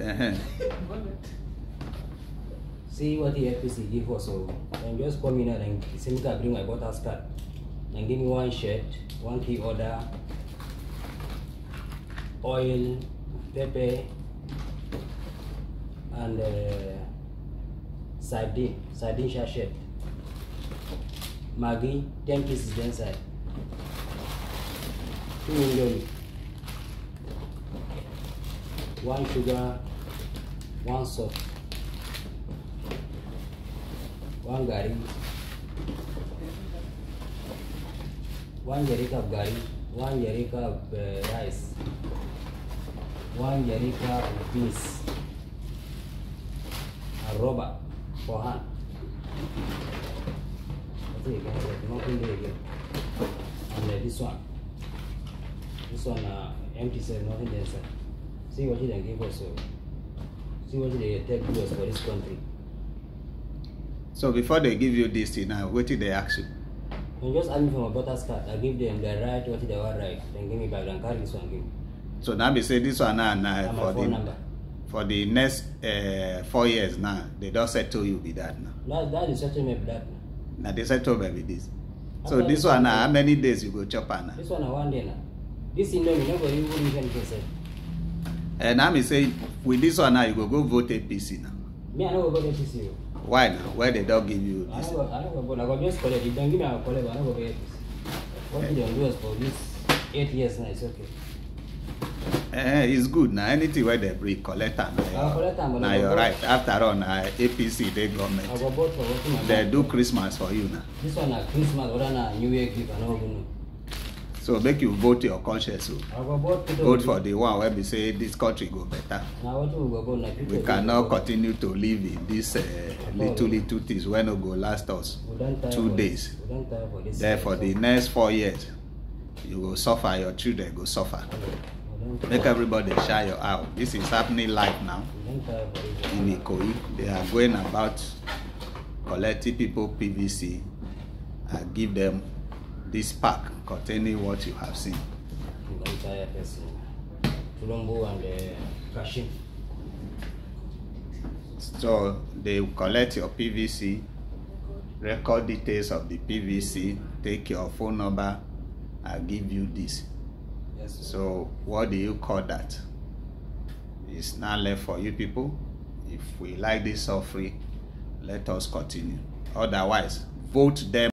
Uh-huh. See what the FPC give us so and just come in and send me time bring my butter start and give me one shirt, one key order, oil, pepper and uh, sardine, sardine sachet, maggi, 10 pieces inside, 2 million one sugar, one salt, one gari, one yarika of gari, one yarika of uh, rice, one yarika of beans, a rubber for hand. That's it, you nothing there again. And uh, this one, this one uh, empty cell, nothing there inside. See what they give us. See what they take do us for this country. So before they give you this thing now, uh, what did they ask you? They just ask me for my brother's card. I give them the right, what they want right. Then give me back, then carry this one, give me. So now they say this one now, uh, now and for the number. for the next uh, four years now, they don't settle you with that now. That, that is me with that now. Now they settle me with this. So After this one uh, now, how many days you go chop now? This one now, one day now. This no, we never even consent. Eh, And I'm saying, with this one now, you go go vote APC now. Me, I don't go vote APC. Why now? Why they don't give you this? I don't go, vote. I go just college. If they give me a college, I don't go vote APC. What they do is for this eight years now, it's okay. Eh, it's good now. anything wey dem bring collect am eh, Now you're right after all na apc they government I go vote for They do christmas for you now. this one na christmas or na new year gift i no know so make you vote your conscience oh. o vote for the one wey be say this country go better we cannot continue to live in this uh, little little things wey no go last us two days then for the next four years you go suffer your children go suffer make everybody shine your eye this is happening live now in Ikoyi they are going about collecting people PVC and give them this pack containing what you have seen. Uh, so they collect your PVC, record details of the PVC, take your phone number, I give you this. Yes, so what do you call that? It's not left for you people. If we like this offering, let us continue. Otherwise, vote them.